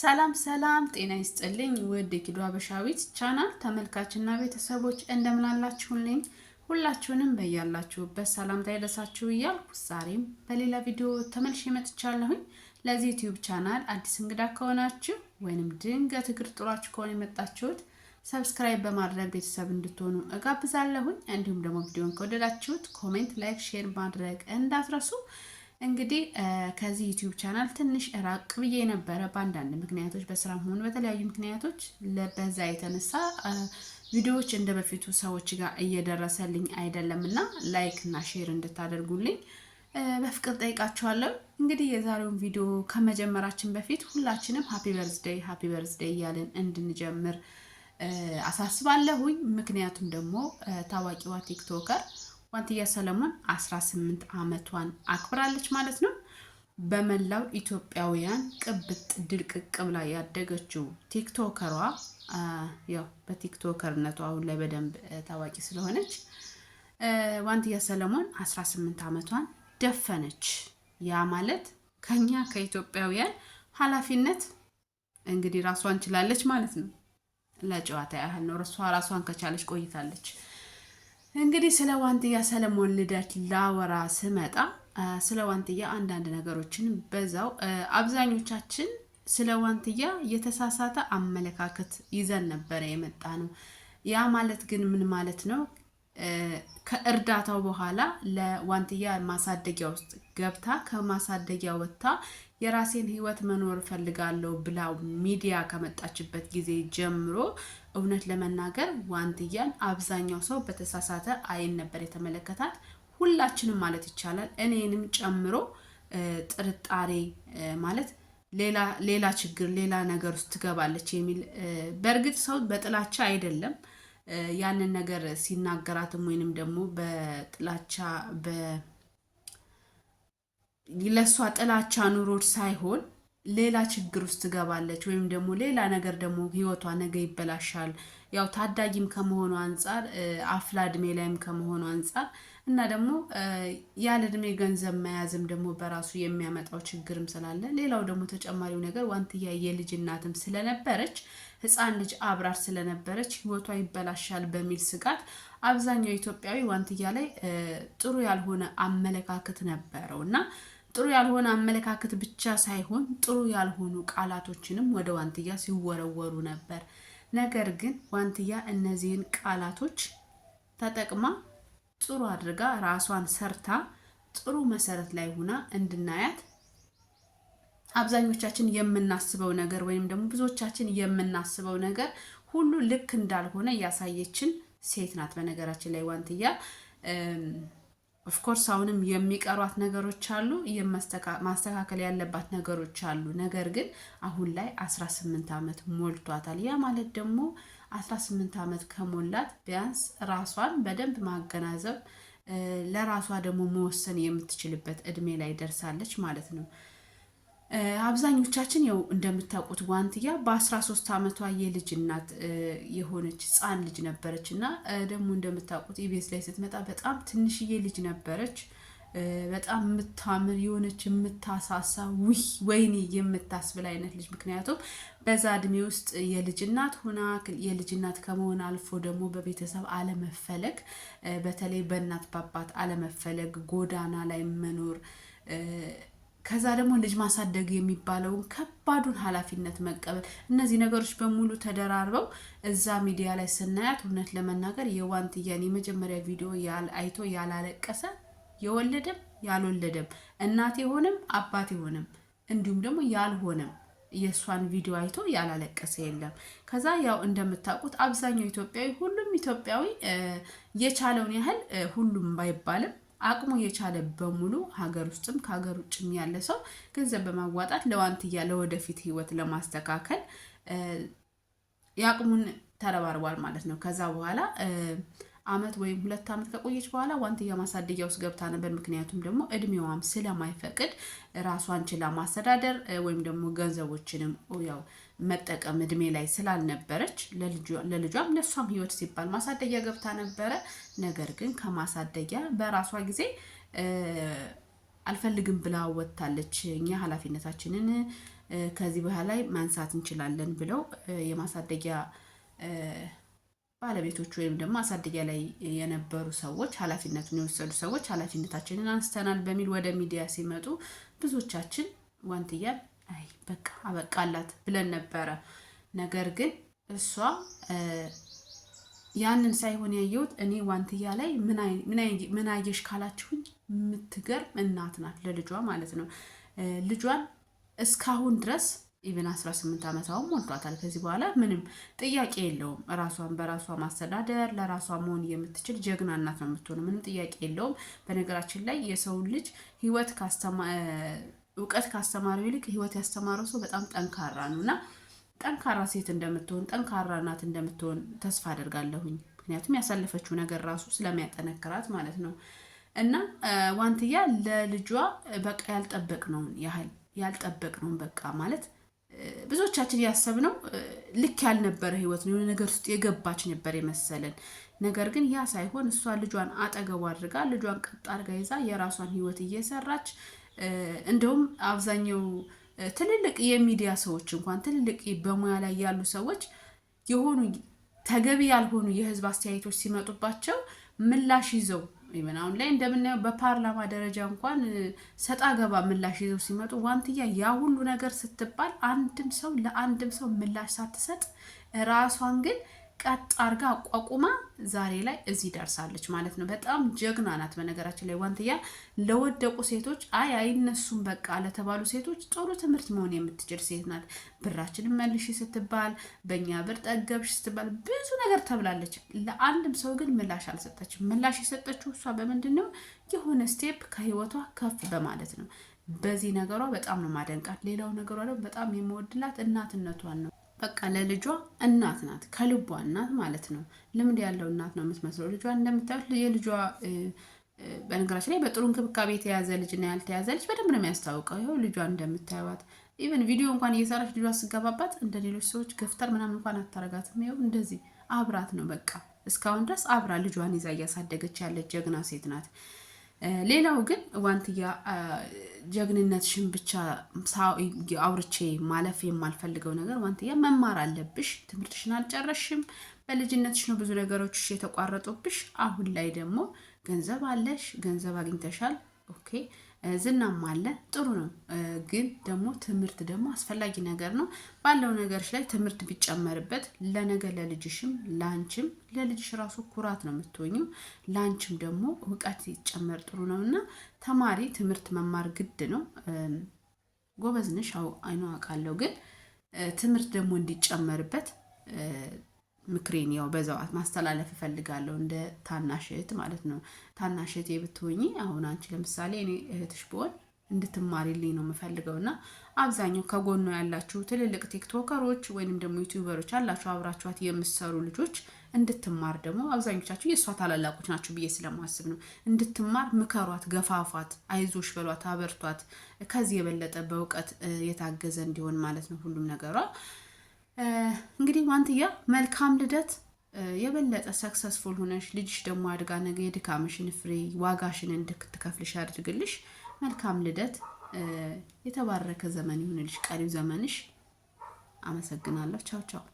ሰላም ሰላም፣ ጤና ይስጥልኝ ውድ የኪዱ አበሻዊት ቻናል ተመልካችና ቤተሰቦች እንደምናላችሁልኝ፣ ሁላችሁንም በያላችሁበት ሰላምታ ይድረሳችሁ እያልኩ ዛሬም በሌላ ቪዲዮ ተመልሼ መጥቻለሁኝ። ለዚህ ዩቲዩብ ቻናል አዲስ እንግዳ ከሆናችሁ ወይንም ድንገት እግር ጥሏችሁ ከሆነ የመጣችሁት ሰብስክራይብ በማድረግ ቤተሰብ እንድትሆኑ እጋብዛለሁኝ። እንዲሁም ደግሞ ቪዲዮን ከወደዳችሁት ኮሜንት፣ ላይክ፣ ሼር ማድረግ እንዳትረሱ። እንግዲህ ከዚህ ዩቲዩብ ቻናል ትንሽ ራቅ ብዬ ነበረ በአንዳንድ ምክንያቶች በስራም ሆኑ በተለያዩ ምክንያቶች በዛ የተነሳ ቪዲዮዎች እንደ በፊቱ ሰዎች ጋር እየደረሰልኝ አይደለም እና ላይክ እና ሼር እንድታደርጉልኝ በፍቅር ጠይቃችኋለሁ። እንግዲህ የዛሬውን ቪዲዮ ከመጀመራችን በፊት ሁላችንም ሀፒ በርዝደይ ሀፒ በርዝደይ እያለን እንድንጀምር አሳስባለሁኝ። ምክንያቱም ደግሞ ታዋቂዋ ቲክቶከር ዋንትያ ሰለሞን 18 ዓመቷን አክብራለች ማለት ነው። በመላው ኢትዮጵያውያን ቅብጥ ድርቅቅ ብላ ያደገችው ቲክቶከሯ ያው በቲክቶከርነቱ አሁን ላይ በደንብ ታዋቂ ስለሆነች ዋንትያ ሰለሞን 18 ዓመቷን ደፈነች። ያ ማለት ከኛ ከኢትዮጵያውያን ኃላፊነት እንግዲህ ራሷን ችላለች ማለት ነው። ለጨዋታ ያህል ነው። እሷ ራሷን ከቻለች ቆይታለች። እንግዲህ ስለ ዋንትያ ሰለሞን ልደት ላወራ ስመጣ ስለ ዋንትያ አንዳንድ ነገሮችን በዛው አብዛኞቻችን ስለ ዋንትያ የተሳሳተ አመለካከት ይዘን ነበረ የመጣ ነው። ያ ማለት ግን ምን ማለት ነው? ከእርዳታው በኋላ ለዋንትያ ማሳደጊያ ውስጥ ገብታ ከማሳደጊያ ወጥታ የራሴን ሕይወት መኖር እፈልጋለሁ ብላ ሚዲያ ከመጣችበት ጊዜ ጀምሮ እውነት ለመናገር ዋንትያን አብዛኛው ሰው በተሳሳተ አይን ነበር የተመለከታት። ሁላችንም ማለት ይቻላል እኔንም ጨምሮ ጥርጣሬ ማለት ሌላ ችግር ሌላ ነገር ውስጥ ትገባለች የሚል በእርግጥ ሰው በጥላቻ አይደለም ያንን ነገር ሲናገራትም ወይንም ደግሞ በጥላቻ ለእሷ ጥላቻ ኑሮች ሳይሆን ሌላ ችግር ውስጥ ትገባለች ወይም ደግሞ ሌላ ነገር ደግሞ ህይወቷ ነገ ይበላሻል። ያው ታዳጊም ከመሆኑ አንጻር አፍላ እድሜ ላይም ከመሆኑ አንጻር እና ደግሞ ያለ እድሜ ገንዘብ መያዝም ደግሞ በራሱ የሚያመጣው ችግርም ስላለ ሌላው ደግሞ ተጨማሪው ነገር ዋንትያ የልጅ እናትም ስለነበረች ህፃን ልጅ አብራር ስለነበረች ህይወቷ ይበላሻል በሚል ስጋት አብዛኛው ኢትዮጵያዊ ዋንትያ ላይ ጥሩ ያልሆነ አመለካከት ነበረው እና ጥሩ ያልሆነ አመለካከት ብቻ ሳይሆን ጥሩ ያልሆኑ ቃላቶችንም ወደ ዋንትያ ሲወረወሩ ነበር። ነገር ግን ዋንትያ እነዚህን ቃላቶች ተጠቅማ ጥሩ አድርጋ ራሷን ሰርታ ጥሩ መሰረት ላይ ሆና እንድናያት አብዛኞቻችን የምናስበው ነገር ወይም ደግሞ ብዙዎቻችን የምናስበው ነገር ሁሉ ልክ እንዳልሆነ እያሳየችን ሴት ናት። በነገራችን ላይ ዋንትያ ኦፍኮርስ አሁንም የሚቀሯት ነገሮች አሉ፣ ማስተካከል ያለባት ነገሮች አሉ። ነገር ግን አሁን ላይ 18 ዓመት ሞልቷታል። ያ ማለት ደግሞ 18 ዓመት ከሞላት ቢያንስ ራሷን በደንብ ማገናዘብ ለራሷ ደግሞ መወሰን የምትችልበት እድሜ ላይ ደርሳለች ማለት ነው። አብዛኞቻችን ያው እንደምታውቁት ዋንትያ በ13 ዓመቷ የልጅ እናት የሆነች ህፃን ልጅ ነበረች እና ደግሞ እንደምታውቁት ኢቤስ ላይ ስትመጣ በጣም ትንሽዬ ልጅ ነበረች። በጣም የምታምር የሆነች የምታሳሳ ውይ ወይኔ የምታስብል አይነት ልጅ። ምክንያቱም በዛ እድሜ ውስጥ የልጅ እናት ሆና የልጅ እናት ከመሆን አልፎ ደግሞ በቤተሰብ አለመፈለግ፣ በተለይ በእናት በአባት አለመፈለግ፣ ጎዳና ላይ መኖር ከዛ ደግሞ ልጅ ማሳደግ የሚባለውን ከባዱን ኃላፊነት መቀበል። እነዚህ ነገሮች በሙሉ ተደራርበው እዛ ሚዲያ ላይ ስናያት እውነት ለመናገር የዋንትያን የመጀመሪያ ቪዲዮ አይቶ ያላለቀሰ የወለደም ያልወለደም እናት የሆነም አባት የሆነም እንዲሁም ደግሞ ያልሆነም የእሷን ቪዲዮ አይቶ ያላለቀሰ የለም። ከዛ ያው እንደምታውቁት አብዛኛው ኢትዮጵያዊ ሁሉም ኢትዮጵያዊ የቻለውን ያህል ሁሉም ባይባልም አቅሙ የቻለ በሙሉ ሀገር ውስጥም ከሀገር ውጭም ያለ ሰው ገንዘብ በማዋጣት ለዋንትያ ለወደፊት ህይወት ለማስተካከል የአቅሙን ተረባርቧል ማለት ነው። ከዛ በኋላ አመት ወይም ሁለት አመት ከቆየች በኋላ ዋንትያ ማሳደጊያ ውስጥ ገብታ ነበር። ምክንያቱም ደግሞ እድሜዋም ስለማይፈቅድ ራሷን ችላ ማስተዳደር ወይም ደግሞ ገንዘቦችንም ያው መጠቀም እድሜ ላይ ስላልነበረች ለልጇም ለእሷም ህይወት ሲባል ማሳደጊያ ገብታ ነበረ። ነገር ግን ከማሳደጊያ በራሷ ጊዜ አልፈልግም ብላ ወጥታለች። እኛ ኃላፊነታችንን ከዚህ በላይ ማንሳት እንችላለን ብለው የማሳደጊያ ባለቤቶች ወይም ደግሞ አሳደጊያ ላይ የነበሩ ሰዎች ኃላፊነቱን የወሰዱ ሰዎች ኃላፊነታችንን አንስተናል በሚል ወደ ሚዲያ ሲመጡ ብዙዎቻችን ዋንትያን አይ በቃ አበቃላት ብለን ነበረ። ነገር ግን እሷ ያንን ሳይሆን ያየሁት እኔ ዋንትያ ላይ ምን አየሽ ካላችሁኝ የምትገርም እናት ናት፣ ለልጇ ማለት ነው። ልጇን እስካሁን ድረስ ኢቨን 18 ዓመቷም ሞልቷታል። ከዚህ በኋላ ምንም ጥያቄ የለውም። ራሷን በራሷ ማስተዳደር ለራሷ መሆን የምትችል ጀግና እናት ነው የምትሆነው። ምንም ጥያቄ የለውም። በነገራችን ላይ የሰውን ልጅ ህይወት። እውቀት ካስተማረው ይልቅ ህይወት ያስተማረው ሰው በጣም ጠንካራ ነው እና ጠንካራ ሴት እንደምትሆን ጠንካራ ናት እንደምትሆን ተስፋ አደርጋለሁኝ። ምክንያቱም ያሳለፈችው ነገር ራሱ ስለሚያጠነክራት ማለት ነው። እና ዋንትያ ለልጇ በቃ ያልጠበቅነውን ያህል ያልጠበቅነውን በቃ ማለት ብዙዎቻችን ያሰብነው ልክ ያልነበረ ህይወት ነው። የሆነ ነገር ውስጥ የገባች ነበር የመሰለን ነገር ግን ያ ሳይሆን እሷ ልጇን አጠገቡ አድርጋ ልጇን ቀጥ አድርጋ ይዛ የራሷን ህይወት እየሰራች እንደውም አብዛኛው ትልልቅ የሚዲያ ሰዎች እንኳን ትልልቅ በሙያ ላይ ያሉ ሰዎች የሆኑ ተገቢ ያልሆኑ የህዝብ አስተያየቶች ሲመጡባቸው ምላሽ ይዘው ይምን አሁን ላይ እንደምናየው በፓርላማ ደረጃ እንኳን ሰጣ ገባ ምላሽ ይዘው ሲመጡ ዋንትያ ያ ሁሉ ነገር ስትባል አንድም ሰው ለአንድም ሰው ምላሽ ሳትሰጥ ራሷን ግን ቀጥ አርጋ አቋቁማ ዛሬ ላይ እዚህ ደርሳለች ማለት ነው። በጣም ጀግና ናት። በነገራችን ላይ ዋንትያ ለወደቁ ሴቶች አይ አይነሱም በቃ ለተባሉ ሴቶች ጥሩ ትምህርት መሆን የምትችል ሴት ናት። ብራችንን መልሽ ስትባል፣ በእኛ ብር ጠገብሽ ስትባል ብዙ ነገር ተብላለች። ለአንድም ሰው ግን ምላሽ አልሰጠችም። ምላሽ የሰጠችው እሷ በምንድን ነው? የሆነ ስቴፕ ከህይወቷ ከፍ በማለት ነው። በዚህ ነገሯ በጣም ነው ማደንቃት። ሌላው ነገሯ ደግሞ በጣም የምወድላት እናትነቷን ነው። በቃ ለልጇ እናት ናት፣ ከልቧ እናት ማለት ነው። ልምድ ያለው እናት ነው የምትመስለው ልጇ። እንደምታዩት የልጇ በነገራችን ላይ በጥሩ እንክብካቤ የተያዘ ልጅና ያልተያዘ ልጅ በደንብ ነው የሚያስታውቀው። ይኸው ልጇ እንደምታዩት ኢቨን ቪዲዮ እንኳን እየሰራች ልጇ ስገባባት እንደ ሌሎች ሰዎች ገፍተር ምናምን እንኳን አታረጋትም። ይኸው እንደዚህ አብራት ነው በቃ እስካሁን ድረስ አብራ ልጇን ይዛ እያሳደገች ያለች ጀግና ሴት ናት። ሌላው ግን ዋንትያ ጀግንነትሽን ብቻ አውርቼ ማለፍ የማልፈልገው ነገር ዋንትያ መማር አለብሽ። ትምህርትሽን አልጨረሽም በልጅነትሽ ነው ብዙ ነገሮች የተቋረጡብሽ። አሁን ላይ ደግሞ ገንዘብ አለሽ፣ ገንዘብ አግኝተሻል። ኦኬ ዝናም አለ ጥሩ ነው። ግን ደግሞ ትምህርት ደግሞ አስፈላጊ ነገር ነው። ባለው ነገሮች ላይ ትምህርት ቢጨመርበት ለነገ ለልጅሽም ለአንችም ለልጅሽ ራሱ ኩራት ነው የምትሆኝው። ለአንችም ደግሞ እውቀት ይጨመር ጥሩ ነው እና ተማሪ ትምህርት መማር ግድ ነው። ጎበዝንሽ አይኖ አውቃለሁ፣ ግን ትምህርት ደግሞ እንዲጨመርበት ምክሬን ያው በዛዋት ማስተላለፍ እፈልጋለሁ እንደ ታናሽ እህት ማለት ነው። ታናሽ እህቴ ብትሆኚ አሁን አንቺ ለምሳሌ እኔ እህትሽ ብሆን እንድትማሪልኝ ነው የምፈልገው እና አብዛኛው ከጎኗ ያላችሁ ትልልቅ ቲክቶከሮች ወይንም ደግሞ ዩቲዩበሮች አላችሁ አብራችኋት የምሰሩ ልጆች እንድትማር ደግሞ አብዛኞቻችሁ የእሷ ታላላቆች ናችሁ ብዬ ስለማስብ ነው። እንድትማር ምከሯት፣ ገፋፏት፣ አይዞሽ በሏት፣ አበርቷት። ከዚህ የበለጠ በእውቀት የታገዘ እንዲሆን ማለት ነው ሁሉም ነገሯ እንግዲህ ማንትያ መልካም ልደት። የበለጠ ሰክሰስፉል ሆነሽ ልጅሽ ደግሞ አድጋ ነገ የድካምሽን ፍሬ ዋጋሽን እንድትከፍልሽ ያድርግልሽ። መልካም ልደት። የተባረከ ዘመን ይሁንልሽ ቀሪው ዘመንሽ። አመሰግናለሁ። ቻው ቻው።